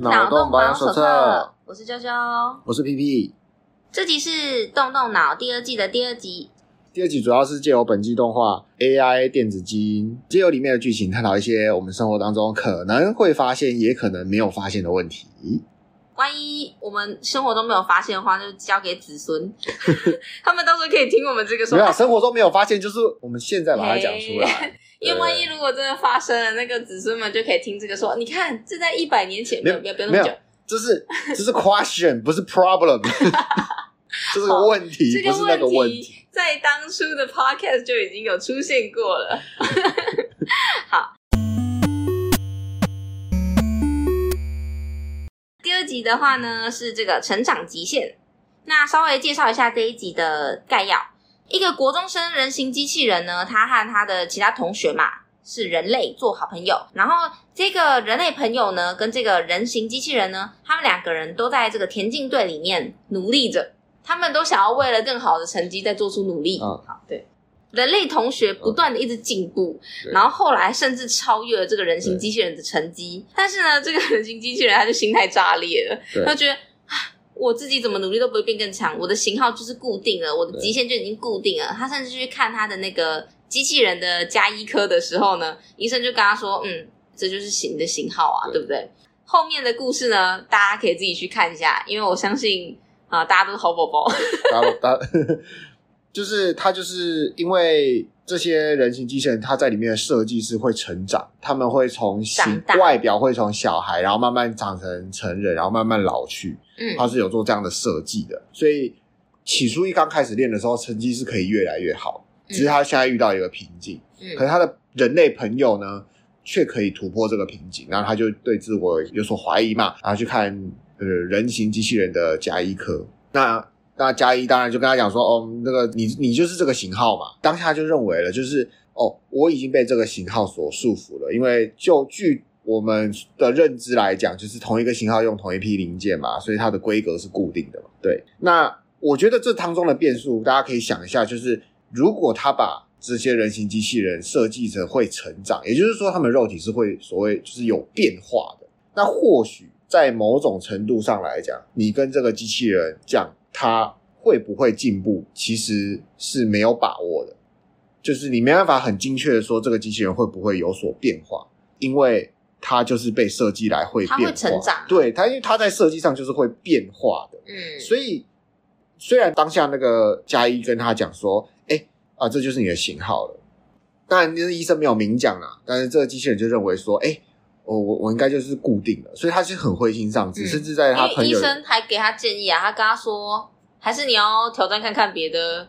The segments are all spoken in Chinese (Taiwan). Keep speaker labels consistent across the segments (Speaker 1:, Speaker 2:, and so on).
Speaker 1: 腦洞保養手冊，
Speaker 2: 我是嬌嬌，我是皮皮。這集是《洞洞腦》第二季的第二集。
Speaker 1: 第二集主要是借由本季動畫 AI 電子基因，借由裡面的劇情探討一些我們生活當中可能會發現，也可能沒有發現的問題。
Speaker 2: 萬一我們生活中沒有發現的話，就交給子孫， 他們到時候可以聽我們這個說。沒有 啊，生
Speaker 1: 活中沒有發現，就是我們現在把它講出來。
Speaker 2: 因為萬一如果真的發生了，那個子孫們就可以聽這個說：“你看，這在一百年前沒有沒有不要那麼久
Speaker 1: 沒有沒這是這是 question， 不是 problem， 這是問題，不是那個問題。”這個問題
Speaker 2: 在當初的 podcast 就已經有出現過了。 好， 第二集的話呢是這個成長極限，那稍微介紹一下這一集的概要。一個國中生人形機器人呢，他和他的其他同學嘛是人類做好朋友。然後這個人類朋友呢，跟這個人形機器人呢，他們兩個人都在這個田徑隊裡面努力着，他們都想要為了更好的成績再做出努力。嗯、哦，好，對，人類同學不斷的一直進步、哦，然後後來甚至超越了這個人形機器人的成績。但是呢，這個人形機器人他就心態炸裂了，他就覺得。我自己怎麼努力都不會變更強，我的型號就是固定了，我的極限就已經固定了。他甚至去看他的那個機器人的家醫科的時候呢，醫生就跟他說：“嗯，這就是你的型號啊對，對不對？”後面的故事呢，大家可以自己去看一下，因為我相信啊、呃，大家都好寶
Speaker 1: 寶。大 大就是他，就是因為這些人形機器人，他在裡面的設計是會成長，他們會從型外表會從小孩，然後慢慢長成成人，然後慢慢老去。嗯、他是有做這樣的設計的，所以起初一剛開始練的時候，成績是可以越來越好。只是他現在遇到一個瓶頸，嗯，可是他的人類朋友呢，卻可以突破這個瓶頸。然後他就對自我有所懷疑嘛，然後去看呃人形機器人的家醫科。那那家醫當然就跟他講說：“哦，那個你你就是這個型號嘛。”當下就認為了，就是哦，我已經被這個型號所束縛了，因為就具。我們的認知來講，就是同一個型號用同一批零件嘛，所以它的規格是固定的嘛。對，那我覺得這當中的變數，大家可以想一下，就是如果他把這些人形機器人設計成會成長，也就是說，他們肉體是會所謂就是有變化的，那或許在某種程度上來講，你跟這個機器人講它會不會進步，其實是沒有把握的，就是你沒辦法很精確的說這個機器人會不會有所變化，因為。他就是被設計來會變化，會成長啊，對，他因為他在設計上就是會變化的。嗯，所以雖然當下那個家醫跟他講說，哎、欸、啊，這就是你的型號了，當然醫生沒有明講啊，但是這個機器人就認為說，哎、欸，我我我應該就是固定的，所以他是很灰心喪志，嗯，甚至在他朋友還
Speaker 2: 給他建議啊，他跟他說，還是你要挑戰看看別的。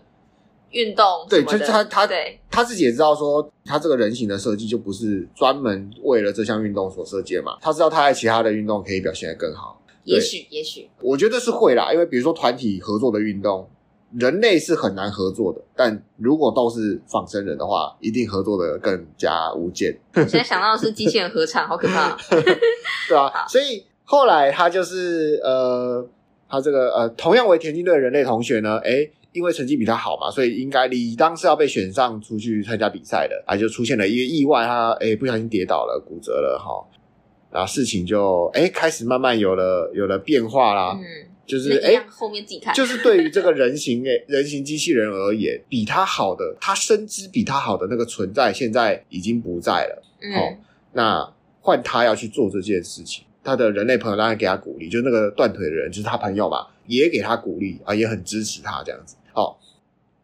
Speaker 2: 運動對，就是他，他對，
Speaker 1: 他自己也知道說，他這個人形的設計就不是專門為了這項運動所設計嘛。他知道他在其他的運動可以表現得更好，也許，也許，我覺得是會啦。因為比如說團體合作的運動，人類是很難合作的，但如果都是仿生人的話，一定合作的更加無間。我現
Speaker 2: 在想到的是機器
Speaker 1: 人合唱， 好可怕。 對啊，所以後來他就是呃，他這個呃，同樣為田徑隊的人類同學呢，誒、欸因為成績比他好嘛，所以應該理當是要被選上出去參加比賽的啊，就出現了一個意外，他哎、欸、不小心跌倒了，骨折了哈、哦，然後事情就哎、欸、開始慢慢有了有了變化啦，嗯，就是哎
Speaker 2: 後面自己看、欸，就是對於
Speaker 1: 這個人形誒 人形機器人而言，比他好的，他深知比他好的那個存在現在已經不在了，嗯、哦，那換他要去做這件事情。他的人類朋友當然給他鼓勵，就那個斷腿的人，就是他朋友吧，也給他鼓勵啊，也很支持他這樣子。好、
Speaker 2: 哦，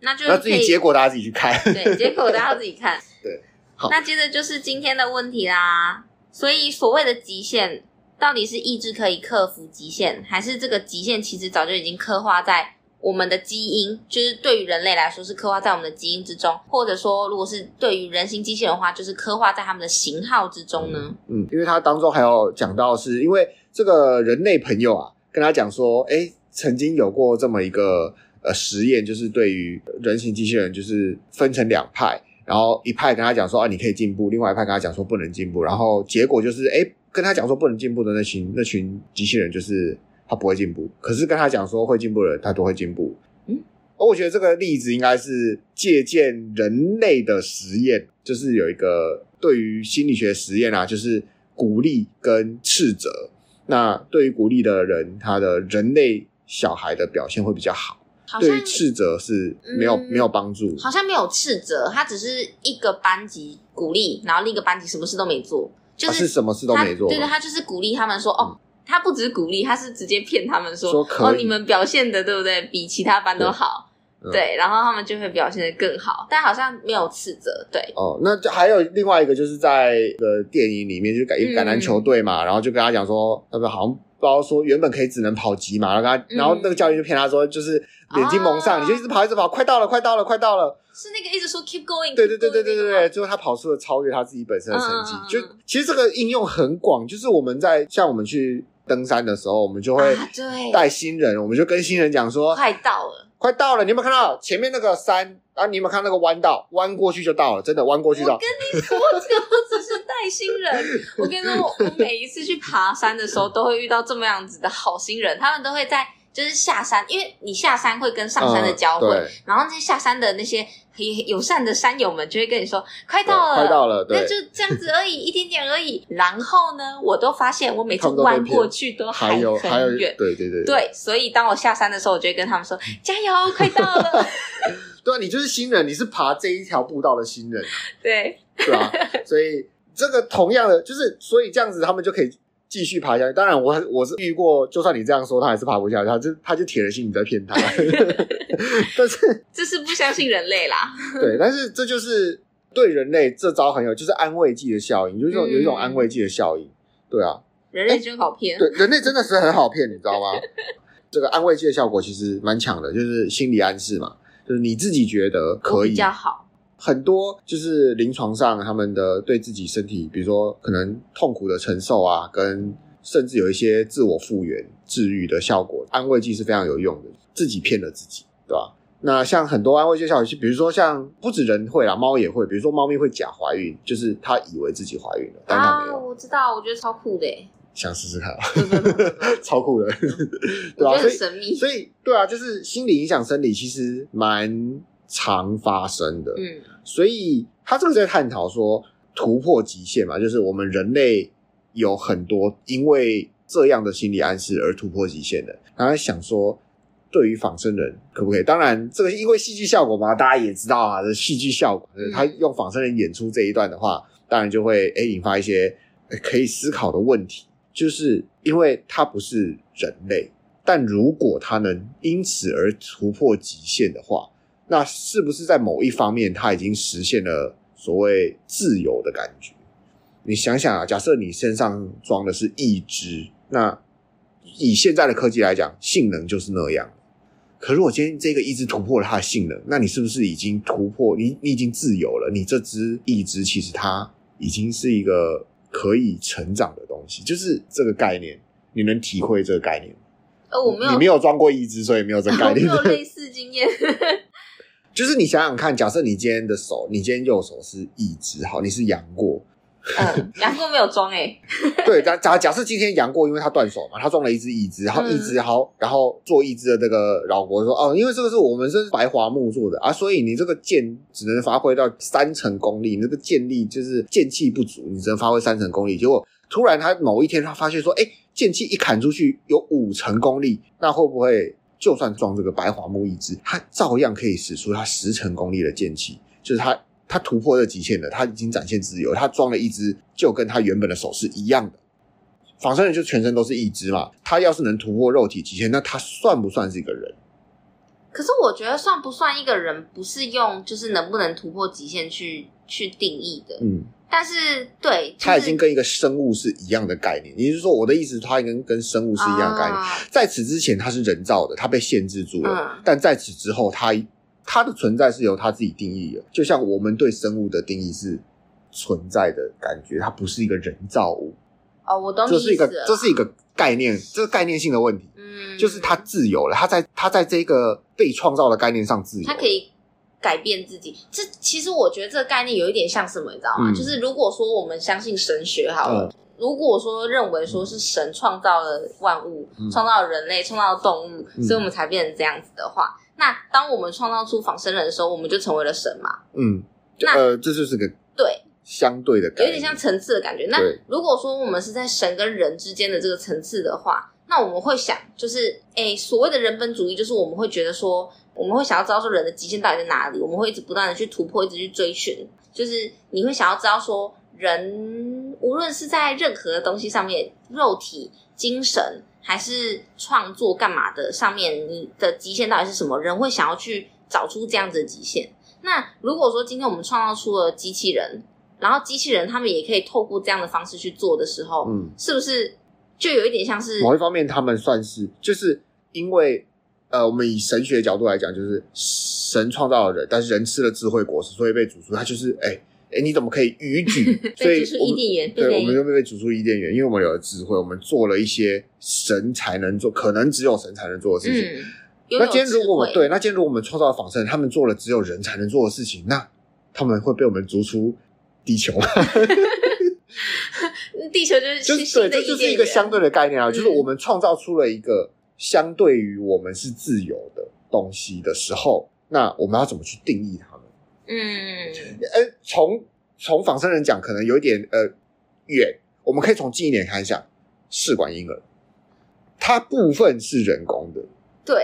Speaker 2: 那就那自己結果
Speaker 1: 大家自己去看，對，
Speaker 2: 結果大家自己看，
Speaker 1: 對。好，那
Speaker 2: 接着就是今天的問題啦。所以所謂的極限，到底是意志可以克服極限，還是這個極限其實早就已經刻畫在我們的基因，就是對於人類來說是刻畫在我們的基因之中，或者說，如果是對於人形機器人的話，就是刻畫在他們的型號之中呢。嗯，
Speaker 1: 嗯，因為他當中還有講到是，是因為這個人類朋友啊，跟他講說，哎、欸，曾經有過這麼一個呃實驗，就是對於人形機器人，就是分成兩派，然後一派跟他講說，啊，你可以進步，另外一派跟他講說，不能進步。然後結果就是，哎、欸，跟他講說不能進步的那群那群機器人就是。他不會進步，可是跟他講說會進步的人，他都會進步。嗯、哦，我覺得這個例子應該是借鑒人類的實驗，就是有一個對於心理學實驗啊，就是鼓勵跟斥責。那對於鼓勵的人，他的人類小孩的表現會比較好。好對於斥責是沒有、嗯、沒有幫助。好
Speaker 2: 像沒有斥責，他只是一個班級鼓勵，然後另一個班級什麼事都沒做，就是，、啊、是
Speaker 1: 什麼事都沒做。對對，他
Speaker 2: 就是鼓勵他們說哦。嗯他不止鼓勵，他是直接騙他們說，說可以：“哦，你們表現的對不對？比其他班都好。對對嗯”對，然後他們就會表現的更好。但好像沒有斥責。對
Speaker 1: 哦，那就還有另外一個，就是在呃電影裡面就橄、橄欖球隊嘛，嗯，然後就跟他講說：“那個好像不知道說原本可以只能跑幾碼。”然後他、嗯，然後那個教練就騙他說：“就是眼睛蒙上，啊，你就一直跑，一直跑，快到了，快到了，快到了。”是
Speaker 2: 那個一直說 “keep
Speaker 1: going”。對對對對對對對，對，對，對，那個，最後他跑出了超越他自己本身的成績。嗯，就其實這個應用很廣，就是我們在像我們去。登山的時候，我們就會帶新人、啊對，我們就跟新人講說，快到了，快到了。你有沒有看到前面那個山？然、啊、後你有沒有看那個彎道？彎過去就到了，真的彎過去到了。我跟你
Speaker 2: 說，這個我只是帶新人。 我跟你說，我每一次去爬山的時候，都會遇到這麼樣子的好心人，他們都會在。就是下山，因為你下山會跟上山的交匯，嗯、然後那些下山的那些很友善的山友們就會跟你說，快到了，快到了，那就這樣子而已， 一點點而已。然後呢，我都發現我每次彎過去都還有很遠，還有還有，對對對，對，所以當我下山的時候，我就會跟他們說， 加油，快到了。
Speaker 1: 對啊，你就是新人，你是爬這一條步道的新人，對，是吧、啊？所以這個同樣的，就是所以這樣子，他們就可以，繼續爬下去，當然我我是遇過，就算你這樣說，他還是爬不下去，他就他就鐵了心你在騙他。 但是
Speaker 2: 這是不相信人類啦，對，但
Speaker 1: 是這就是對人類這招很有，就是安慰劑的效應，就是、嗯、有一種安慰劑的效應，對啊，人類真好騙、
Speaker 2: 欸，對，
Speaker 1: 人類真的是很好騙，你知道嗎？ 這個安慰劑的效果其實蠻強的，就是心理暗示嘛，就是你自己覺得可以比較好。很多就是臨床上他們的對自己身體，比如說可能痛苦的承受啊，跟甚至有一些自我復原、治癒的效果，安慰劑是非常有用的。自己騙了自己，對吧？那像很多安慰劑效應，比如說像不止人會啦，貓也會。比如說貓咪會假懷孕，就是它以為自己懷孕了。啊，
Speaker 2: 我知道，我覺得超酷的，
Speaker 1: 想試試看， 超酷的 很神秘，對吧？所以，所以對啊，就是心理影響生理，其實蠻。常發生的，嗯，所以他這個在探討說突破極限嘛，就是我們人類有很多因為這樣的心理暗示而突破極限的。然後他想說，對於仿生人可不可以？當然，這個因為戲劇效果嘛，大家也知道啊，這戲劇效果，嗯，他用仿生人演出這一段的話，當然就會誒引發一些可以思考的問題，就是因為他不是人類，但如果他能因此而突破極限的話。那是不是在某一方面它已經實現了所謂自由的感覺？你想想啊，假設你身上裝的是義肢，那以現在的科技來講，性能就是那樣。可如果今天這個義肢突破了它的性能，那你是不是已經突破，你你已經自由了？你這隻義肢其實它已經是一個可以成長的東西，就是這個概念。你能體會這個概念嗎？
Speaker 2: 哦，我沒有，你沒有
Speaker 1: 裝過義肢，所以沒有這個概念。哦，沒有類
Speaker 2: 似經驗。
Speaker 1: 就是你想想看，假設你今天的手，你今天右手是一只好，你是楊過，嗯，
Speaker 2: 楊 過沒有裝哎、
Speaker 1: 欸， 對，假假假設今天楊過因為他斷手嘛，他裝了一只椅子，然後一隻好，嗯，然後做一只的這個老國說哦，因為這個是我們是白樺木做的啊，所以你這個劍只能發揮到三成功力，你那個劍力就是劍氣不足，你只能發揮三成功力。結果突然他某一天他發現說，哎、欸，劍氣一砍出去有五成功力，那會不會？就算裝這個白樺木一只，他照樣可以使出他十成功力的劍氣，就是他他突破這極限了，他已經展現自由，他裝了一只就跟他原本的手是一樣的。仿生人就全身都是一只嘛，他要是能突破肉體極限，那他算不算是一個人？
Speaker 2: 可是我覺得算不算一個人，不是用就是能不能突破極限去去定義的。嗯。但是，對、就是，它已
Speaker 1: 經跟一個生物是一樣的概念。也就是說我的意思，它跟跟生物是一樣的概念。哦、在此之前，它是人造的，它被限制住了。嗯、但在此之後它，它它的存在是由它自己定義的。就像我們對生物的定義是存在的感覺，它不是一個人造物。
Speaker 2: 哦，我懂，這是一個這是一個
Speaker 1: 概念，這是概念性的問題。嗯，就是它自由了，它在它在這個被創造的概念上自由，
Speaker 2: 它可以。改變自己,這其實我覺得這個概念有一點像什麼，你知道嗎？嗯、就是如果說我們相信神學好了、呃，如果說認為說是神創造了萬物，創、嗯、造了人類，創造了動物、嗯，所以我們才變成這樣子的話，那當我們創造出仿生人的時候，我們就成為了神嘛？
Speaker 1: 嗯，那呃，這就是個對相對的感覺，有一點像
Speaker 2: 層次的感覺。那如果說我們是在神跟人之間的這個層次的話，那我們會想，就是哎、欸，所謂的人本主義，就是我們會覺得說。我們會想要知道說人的極限到底在哪裡？我們會一直不斷的去突破，一直去追尋。就是你會想要知道說人無論是在任何的東西上面，肉體、精神還是創作幹嘛的上面，你的極限到底是什麼？人會想要去找出這樣子的極限。那如果說今天我們創造出了機器人，然後機器人他們也可以透過這樣的方式去做的時候，嗯，是不是就有一點像是某一
Speaker 1: 方面他們算是，就是因為。呃，我們以神學的角度來講，就是神創造了人，但是人吃了智慧果實，所以被逐出。他就是，哎、欸、哎、欸，你怎麼可以逾矩？所以，伊甸 園、就是，對，我們就被逐出伊甸園，因為我們有了智慧，我們做了一些神才能做，可能只有神才能做的事情。嗯、那今天如果我們對，那今天如果我們創造了仿生，他們做了只有人才能做的事情，那他們會被我們逐出地球嗎？ 地球就是
Speaker 2: 就對，就，就是一個相
Speaker 1: 對的概念啊、嗯，就是我們創造出了一個。相對於我們是自由的東西的時候，那我們要怎麼去定義它呢？
Speaker 2: 嗯，
Speaker 1: 呃、從從仿生人講，可能有點呃遠。我們可以從近一點看一下，試管嬰兒，它部分是人工的，
Speaker 2: 對，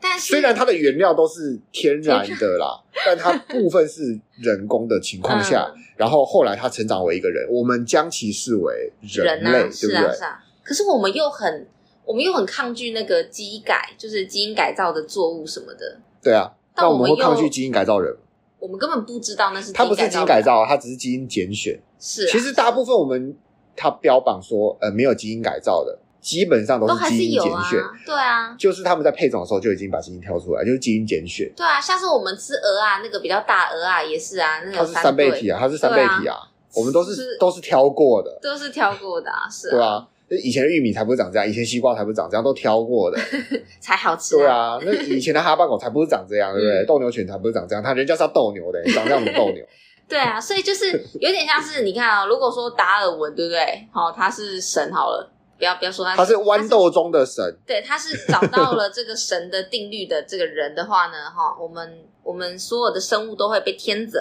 Speaker 1: 但雖然它的原料都是天然的啦， 但它部分是人工的情況下、嗯，然後後來它成長為一個人，我們將其視為人類，人啊、對不對？是啊，是
Speaker 2: 啊。可是我們又很。我們又很抗拒那個基因改，就是基因改造的作物什麼的。
Speaker 1: 對啊，那我，我們會抗拒基因改造人。我
Speaker 2: 們根本不知道那是基因改造，它不是基因改
Speaker 1: 造、啊，它只是基因揀選。是、啊，其實大部分我們它標榜說呃沒有基因改造的，基本上都是基因揀選、啊。對啊，就是他們在配種的時候就已經把基因挑出來，就是基因揀選。
Speaker 2: 對啊，像是我們吃鵝啊，那個比較大鵝啊，也是啊，那個、三他是三倍體啊，它是三倍體啊，啊
Speaker 1: 我們都是，是都是挑過的，
Speaker 2: 都是挑過的、啊，是啊。對啊。
Speaker 1: 以前的玉米才不是長這樣，以前西瓜才不長這樣，都挑過的 才好吃、啊。對啊，那以前的哈巴狗才不是長這樣，對不對？鬥、嗯、牛犬才不是長這樣，它，人家是要鬥牛的，長這樣的鬥牛。
Speaker 2: 對啊，所以就是有點像是你看啊、哦，如果說達爾文，對不對？哈、哦，他是神好了，不要不要說他，他是
Speaker 1: 豌豆中的神。
Speaker 2: 對，他是找到了這個神的定律的這個人的話呢，哈、哦，我們我們所有的生物都會被天擇。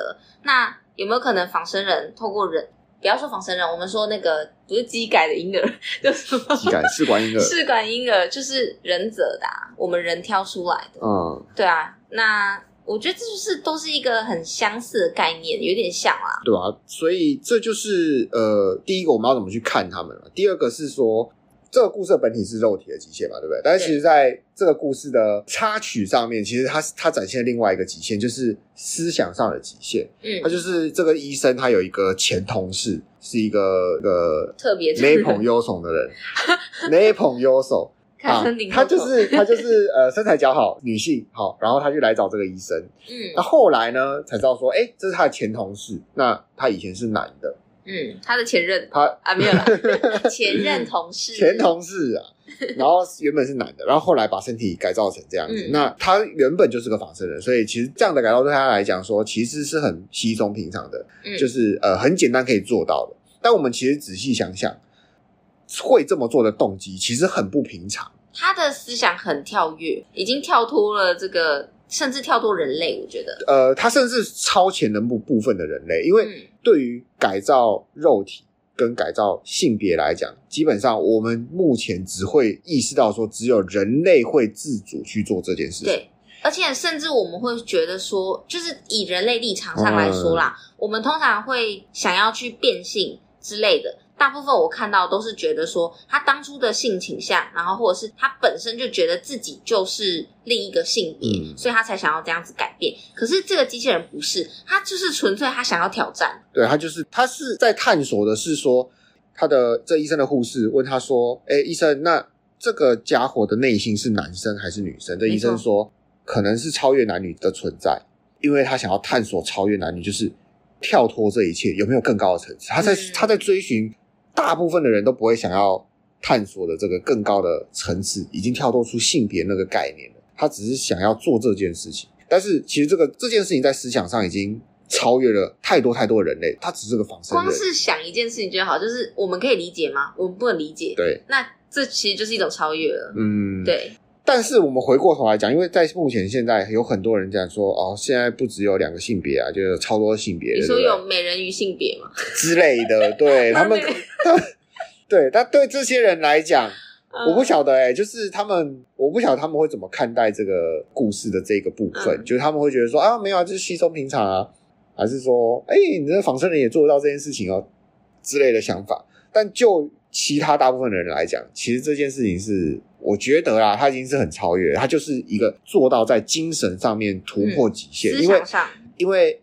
Speaker 2: 那有沒有可能仿生人透過人？不要說仿生人，我們說那個不是機改的嬰兒，就是
Speaker 1: 機改試管嬰兒。試
Speaker 2: 管嬰兒就是人擇的啊，我們人挑出來的。嗯，對啊，那我覺得這就是都是一個很相似的概念，有點像啊，
Speaker 1: 對啊，所以這就是呃，第一個我們要怎麼去看他們了，第二個是說。這個故事的本體是肉體的極限嘛，對不對？但是其實在這個故事的插曲上面，其實它它展現另外一個極限，就是思想上的極限。嗯，他就是這個醫生，他有一個前同事，是一個呃特別沒捧優慫的人，沒捧優慫啊，他就是他就是呃身材姣好女性好、哦，然後他就來找這個醫生。嗯，那後來呢才知道說，哎，這是他的前同事，那他以前是男的。
Speaker 2: 嗯，他的前任他啊沒有啦， 前任同事前同事
Speaker 1: 啊，然後原本是男的，然後後來把身體改造成這樣子。嗯、那他原本就是個仿生人，所以其實這樣的改造對他來講說，其實是很稀鬆平常的，嗯、就是呃很簡單可以做到的。但我們其實仔細想想，會這麼做的動機其實很不平常。
Speaker 2: 他的思想很跳躍，已經跳脫了這個，甚至跳脫人類。我覺得
Speaker 1: 呃，他甚至超前能部部分的人類，因為。嗯對於改造肉體跟改造性別來講，基本上我們目前只會意識到說，只有人類會自主去做這件事情。
Speaker 2: 對，而且甚至我們會覺得說，就是以人類立場上來說啦，嗯，我們通常會想要去變性之類的。大部分我看到都是覺得說，他當初的性傾向，然後或者是他本身就覺得自己就是另一個性別、嗯，所以他才想要這樣子改變。可是這個機器人不是，他就是純粹他想要挑戰。
Speaker 1: 對，他就是他是在探索的是說，他的這醫生的護士問他說：“哎，醫生，那這個家伙的內心是男生還是女生？”這醫生說：“可能是超越男女的存在，因為他想要探索超越男女，就是跳脫這一切，有沒有更高的層次？他在、嗯、他在追尋。”大部分的人都不會想要探索的這個更高的層次，已經跳脫出性別那個概念了。他只是想要做這件事情，但是其實這個這件事情在思想上已經超越了太多太多人類。他只是個仿生人，光是
Speaker 2: 想一件事情就好，就是我們可以理解嗎？我們不能理解。對，那這其實就是一種超越了。
Speaker 1: 嗯，對。但是我們回過頭來講，因為在目前現在有很多人講說，哦，現在不只有兩個性別啊，就是超多性別。你說有
Speaker 2: 美人魚性別嗎？
Speaker 1: 之類的，對 他們， 他對，但對這些人來講，嗯、我不曉得哎、欸，就是他們，我不曉得他們會怎麼看待這個故事的這個部分，嗯、就是他們會覺得說啊，沒有啊，就是稀鬆平常啊，還是說，哎、欸，你這仿生人也做得到這件事情啊、哦，之類的想法。但就其他大部分的人來講，其實這件事情是，我覺得啊，他已經是很超越了，他就是一個做到在精神上面突破極限，因為、嗯、因為，因為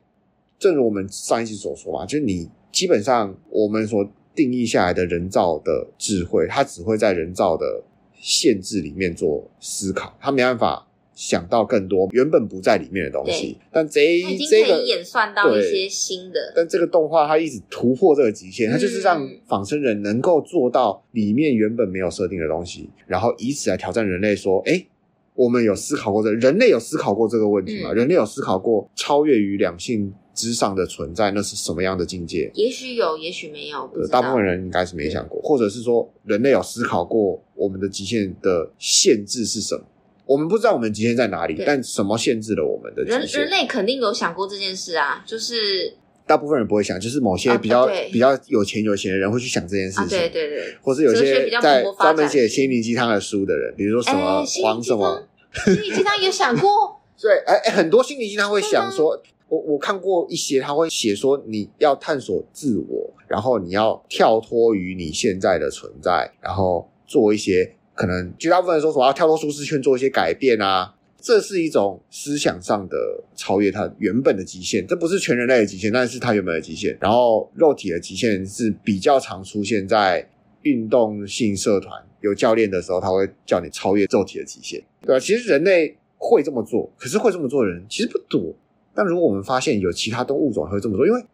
Speaker 1: 正如我們上一期所說嘛，就是你基本上我們所定義下來的人造的智慧，他只會在人造的限制裡面做思考，他沒辦法。想到更多原本不在裡面的東西，但這已經可以演
Speaker 2: 算到一些新的、這個，
Speaker 1: 但這個動畫它一直突破這個極限、嗯，它就是讓仿生人能夠做到裡面原本沒有設定的東西，然後以此來挑戰人類說：哎，我們有思考過這個、人類有思考過這個問題嗎、嗯？人類有思考過超越於兩性之上的存在，那是什麼樣的境界？也
Speaker 2: 許有，也許沒有。大部分人
Speaker 1: 應該是沒想過，或者是說人類有思考過我們的極限的限制是什麼？我們不知道我們極限在哪裡，但什麼限制了我們的極限？人人
Speaker 2: 類肯定有想過這件事啊，就是
Speaker 1: 大部分人不會想，就是某些比較、啊、比較有錢有閒的人會去想這件事情，啊、對對對，
Speaker 2: 或是有些在專門寫
Speaker 1: 心靈雞湯的書的人，比如說什麼黃、欸、什麼，心靈雞湯也想
Speaker 2: 過，
Speaker 1: 對。誒哎哎，很多心靈雞湯會想說，啊、我我看過一些，他會寫說你要探索自我，然後你要跳脫於你現在的存在，然後做一些。可能絕大部分人說，什麼要跳脫舒適圈做一些改變啊，這是一種思想上的超越它原本的極限，這不是全人類的極限，但是它原本的極限。然後肉體的極限是比較常出現在運動性社團有教練的時候，他會叫你超越肉體的極限，對吧，啊？其實人類會這麼做，可是會這麼做的人其實不多。但如果我們發現有其他動物種會這麼做，因為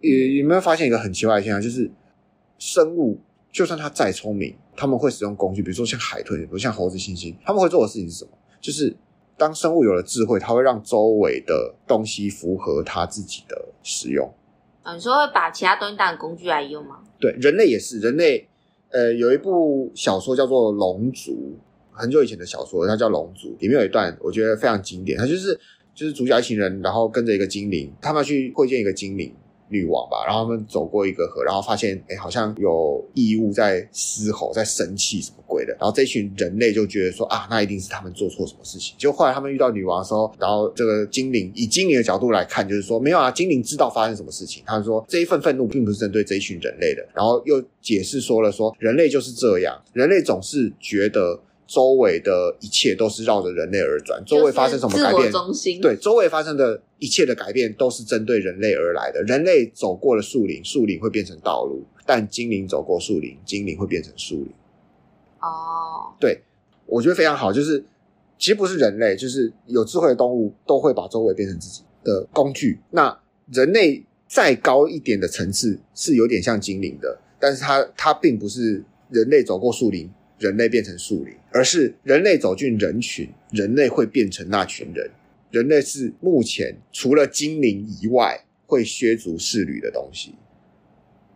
Speaker 1: 你有沒有發現一個很奇怪的現象，就是生物就算它再聰明。他們會使用工具，比如說像海豚，比如說像猴子猩猩，他們會做的事情是什麼？就是當生物有了智慧，它會讓周圍的東西符合它自己的使用。啊，
Speaker 2: 你說會把其他東西當工具來用嗎？
Speaker 1: 對，人類也是。人類呃，有一部小說叫做《龍族》，很久以前的小說，它叫《龍族》，裡面有一段我覺得非常經典。它就是就是主角一群人，然後跟着一個精靈，他們要去會見一個精靈女王吧，然後他們走過一個河，然後發現，哎，好像有異物在嘶吼，在生氣，什麼鬼的？然後這群人類就覺得說，啊，那一定是他們做錯什麼事情。就後來他們遇到女王的時候，然後這個精靈以精靈的角度來看，就是說，沒有啊，精靈知道發生什麼事情。他說，這一份憤怒並不是針對這一群人類的。然後又解釋說了說，說人類就是這樣，人類總是覺得。周圍的一切都是繞着人類而轉，就是自我中心，周圍發生什麼改變？對，周圍發生的一切的改變都是針對人類而來的。人類走過了樹林，樹林會變成道路；但精靈走過樹林，精靈會變成樹林。哦、Oh.，對，我覺得非常好，就是其實不是人類，就是有智慧的動物都會把周圍變成自己的工具。那人類再高一點的層次是有點像精靈的，但是它它並不是人類走過樹林。人類變成樹林，而是人類走進人群，人類會變成那群人。人類是目前除了精靈以外會削足適履的東西。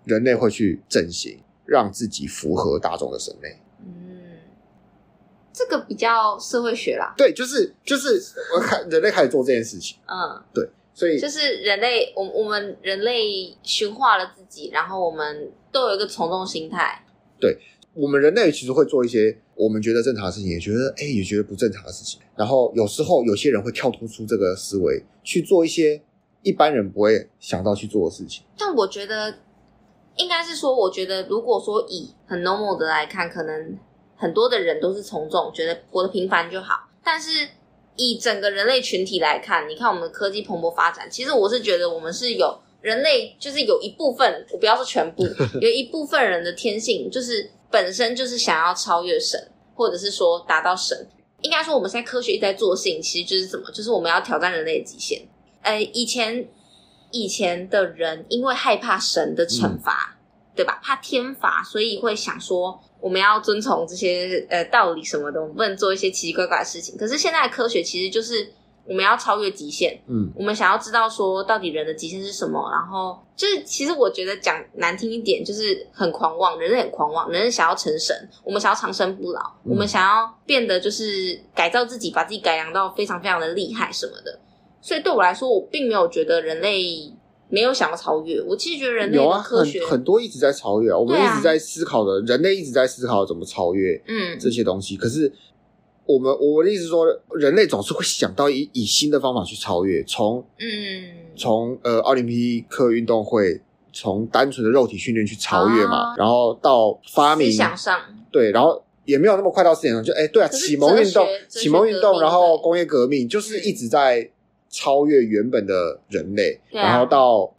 Speaker 1: 人類會去整形，讓自己符合大眾的審美。
Speaker 2: 嗯，這個比較社會學啦。
Speaker 1: 對，就是就是，我開人類開始做這件事情。嗯，對，所以就是
Speaker 2: 人類，我我們人類馴化了自己，然後我們都有一個從眾心態。
Speaker 1: 對。我們人類其實會做一些我們覺得正常的事情，也覺得哎、欸，也覺得不正常的事情。然後有時候有些人會跳脫出這個思維，去做一些一般人不會想到去做的事情。
Speaker 2: 但我覺得應該是說，我覺得如果說以很 normal 的來看，可能很多的人都是從眾，覺得活得平凡就好。但是以整個人類群體來看，你看我們的科技蓬勃發展，其實我是覺得我們是有人類，就是有一部分，我不要說全部， 有一部分人的天性就是。本身就是想要超越神，或者是說達到神。應該說，我們現在科學一直在做的事情，其實就是什麼？就是我們要挑戰人類的極限。呃，以前以前的人因為害怕神的懲罰，嗯，對吧？怕天罰，所以會想說，我們要遵從這些呃道理什麼的，我們不能做一些奇奇怪怪的事情。可是現在的科學其實就是。我們要超越極限，嗯，我們想要知道說到底人的極限是什麼，然後就是其實我覺得講難聽一點就是很狂妄，人類很狂妄，人人想要成神，我們想要長生不老，嗯，我們想要變得就是改造自己，把自己改良到非常非常的厲害什麼的。所以對我來說，我並沒有覺得人類沒有想要超越。我其實覺得人類科學有啊很，很
Speaker 1: 多一直在超越，啊，我們一直在思考的，啊，人類一直在思考怎麼超越，嗯，這些東西，嗯，可是。我們我的意思說，人類總是會想到以以新的方法去超越，從嗯，從呃奧林匹克運動會，從單純的肉體訓練去超越嘛，哦、然後到發明，想上，對，然後也沒有那麼快到思想上，就哎、欸，對啊，啟蒙運動，啟蒙運動，然後工業革命、嗯，就是一直在超越原本的人類，嗯、然後到、啊、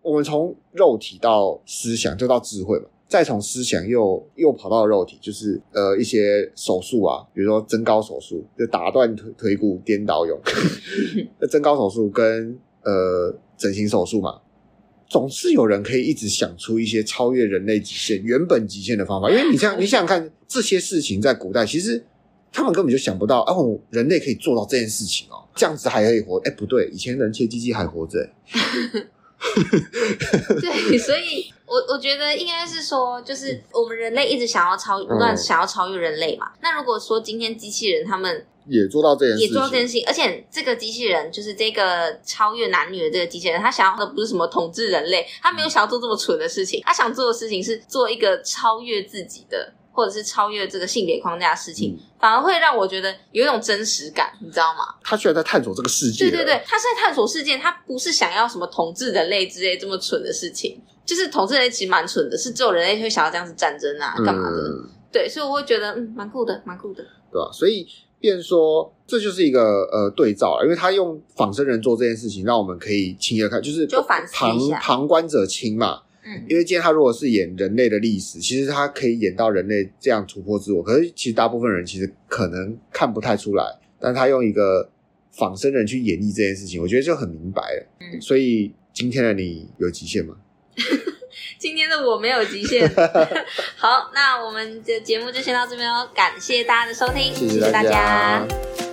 Speaker 1: 我們從肉體到思想，就到智慧嘛。再從思想又又跑到肉體，就是呃一些手術啊，比如說增高手術，就打斷腿腿骨、顛倒勇。那 增高手術跟呃整形手術嘛，總是有人可以一直想出一些超越人類極限、 原本極限的方法。因為你想你想想看，這些事情在古代，其實他們根本就想不到哦、啊，人類可以做到這件事情哦，這樣子還可以活？哎，不對，以前人切雞雞還活着、欸。
Speaker 2: 對，所以我我覺得應該是說，就是我們人類一直想要超越，不斷想要超越人類嘛。嗯、那如果說今天機器人他們
Speaker 1: 也做到這件事情，也做到這
Speaker 2: 件事情，而且這個機器人就是這個超越男女的這個機器人，他想要的不是什麼統治人類，他沒有想要做這麼蠢的事情，他想做的事情是做一個超越自己的。或者是超越這個性別框架的事情，嗯，反而會讓我覺得有一種真實感，你知道嗎？
Speaker 1: 他居然在探索這個世界。對對對，
Speaker 2: 他是在探索世界，他不是想要什麼統治人類之類這麼蠢的事情。就是統治人類其實蠻蠢的，是只有人類會想要這樣子戰爭啊，幹、嗯、嘛的？對，所以我會覺得，嗯，蠻酷的，蠻酷的，
Speaker 1: 對吧、啊？所以，變說這就是一個呃對照啦，因為他用仿生人做這件事情，讓我們可以輕易看，就是就反思旁旁觀者清嘛。因為今天他如果是演人類的歷史，其實他可以演到人類這樣突破自我，可是其實大部分人其實可能看不太出來。但他用一個仿生人去演繹這件事情，我覺得就很明白了。所以今天的你有極限嗎？
Speaker 2: 今天的我沒有極限。 好，那我們的節目就先到這邊哦。感謝大家的收聽，謝謝大家。謝謝大家。